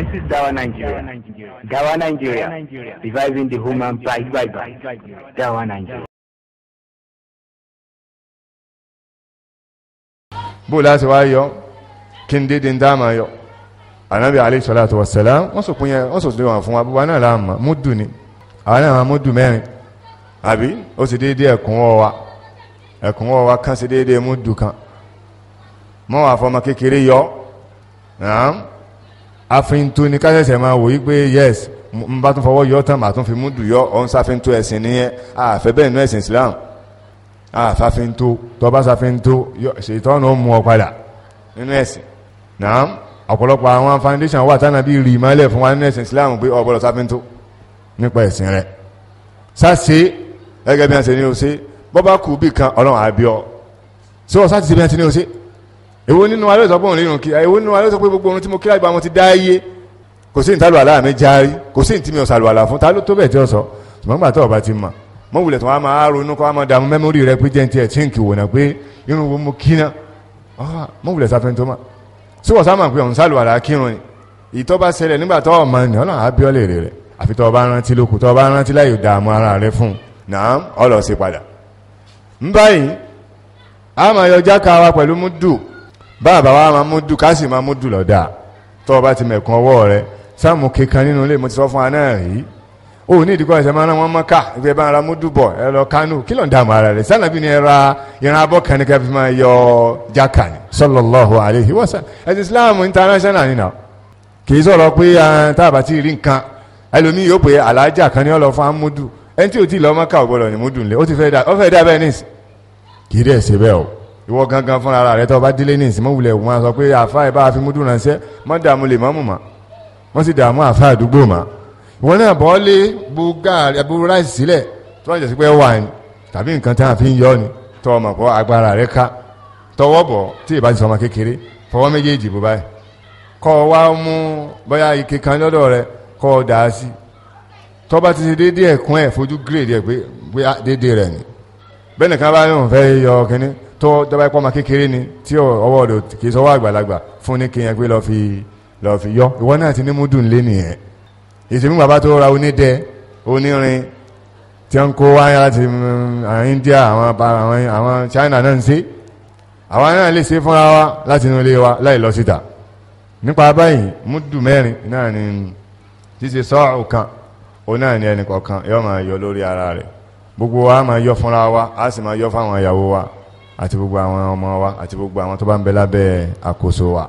This is Dawa Nigeria. Dawa Nigeria. Reviving the human by Bible. Dawa Nigeria. bó láti wá yọ kí n dédé ń dá máa yọ anabi alayhi salatu wa salam wọ́n sọ pín yẹn wọ́n sọ sí wọn fún wa bó wa náà la mọ̀ múdù ni àwọn náà máa múdù mẹ́rin àbí ó sì dédé ẹ̀kúnwọ́ wa ẹ̀kúnwọ́ wa kan sì dédé múdù kan mọ́ wà fọmọ kékeré yọ àfihàn ní kásẹ̀sẹ̀ máa wò yí pé yes n bá tún fọwọ́ yọ tán màá tún fi múdù yọ ọ̀n sáfihàn tó ẹ̀sìn nìyẹn àfẹ́ bẹ́ẹ̀ nú ẹ̀sìn Islam àfàfihàn tó tọ́ba sáfihàn tó ṣètọ́nù ó mú ọ padà nínú ẹ̀sìn náà ọ̀pọ̀lọpọ̀ àwọn foundation wà tánà bí rí ìmọ̀lẹ̀ fún wa nínú ẹ̀sìn Islam pé ọ̀gbọ́dọ̀ sáfihàn tó nípa ẹ̀sìn rẹ̀ sáṣe gẹ́gẹ́ bí wọ́n ṣe ní o ṣe bọ́bá kù bí kan ọlọ́run àbíọ́ sọ sáṣe bí wọ́n ṣe ní o ṣe èwo nínú wa ló sọ pé òun rírun kí èwo nínú wa ló sọ pé gbogbo ohun tí mo kíra ìbámu ti dá yé kò sí ìtàlù àlá mi járí kò sí ìtìmí ọ̀sàlù àlá fún ta ló tó bẹ̀ tí ó sọ ṣùgbọ́n gbà tó ọba ti mọ̀ mọ wulẹ̀ tó wá máa ronú kó wá máa dààmú mẹ́mórì rẹ pé jẹ́ntì ẹ̀ tí ń kì wò náà pé irun wo mo kí náà ah, mọ wulẹ̀ sáfẹ́ tó mà sí wọ́n sábà pé òun sàlù kírun ni ìtọ́ bá ṣẹlẹ̀ wa pẹ̀lú múdù bàbá wa máa mú dù ká sì máa mú dù lọ́dà tó o bá ti mẹ̀kún ọwọ́ rẹ sáàmù kankan nínú ilé mo ti sọ fún wa náà rí o ní ìdíkọ́ ẹ̀sẹ̀ máa ń wọ́n mọ́ ìgbẹ́ bá ń ra múdù ẹ lọ kánú kí ló ń dààmú ara rẹ̀ sànàbí ni ẹ ìran abọ́ kan ní máa yọ jáka ni sallallahu alaihi wasallam ẹ̀sìn Islam international nìyà kì í sọ̀rọ̀ pé táàbà ti rí nǹkan ẹlòmíì yóò pé alájà kan ní ọlọ́ fún amúdù ẹni tí ò tí ì lọ́ ò gbọ́dọ̀ ní múdù nílé ó ti fẹ́ dà bẹ́ẹ̀ ní kì í dẹ̀ ṣe bẹ́ẹ̀ o ìwọ gangan fúnra ara rẹ tó bá délé ní ìsìnmọ́ wulẹ̀ wọn sọ pé àfa ẹ̀ bá fi mú dùnà ṣẹ́ mọ́ dààmú lè mọ́mù mọ́ wọ́n sì dààmú àfa àdúgbò mọ́ ìwọ náà bọ́ lé bu gaari aburú ráìsì sílẹ̀ tó wọ́n jẹ́ sí pé wà ní tàbí nǹkan tá a fi ń yọ ni tọ́ ọmọ pọ̀ agbára rẹ ká tọwọ́ bọ̀ tí ì bá ti sọ ọmọ kékeré fọwọ́ méjèèjì bó báyìí kọ́ ọ wá mú bóyá ike kan lọ́dọ̀ rẹ kọ́ ọ dà á sí tọ́ bá ti ṣe tó dọ́bà ẹ̀kọ́ ọmọ kékeré ni tí ọwọ́ rẹ̀ kì í sọ́wọ́ àgbàlagbà fún ní kéèyàn pé lọ́ọ́ fi lọ́ọ́ fi yọ ìwọ náà ti ní mú dùn lé nìyẹn ìsèmí bàbá tó ra onídẹ onírin tí wọ́n kó wáyé láti mm, àwọn India àwọn àwọn China náà ń ṣe àwọn náà lè ṣe fúnra wa láti inú ilé wa láì lọ síta nípa báyìí múdù mẹ́rin náà ni ṣíṣe sọ́ọ̀rù kan òun náà ni ẹnì kọ̀ọ̀kan yóò máa yọ lórí ara rẹ̀ gbogbo wa máa yọ fúnra wa a sì máa yọ fáwọn ìyàwó wa àti gbogbo àwọn ọmọ wa àti gbogbo àwọn tó bá ń bẹ lábẹ́ àkóso wa.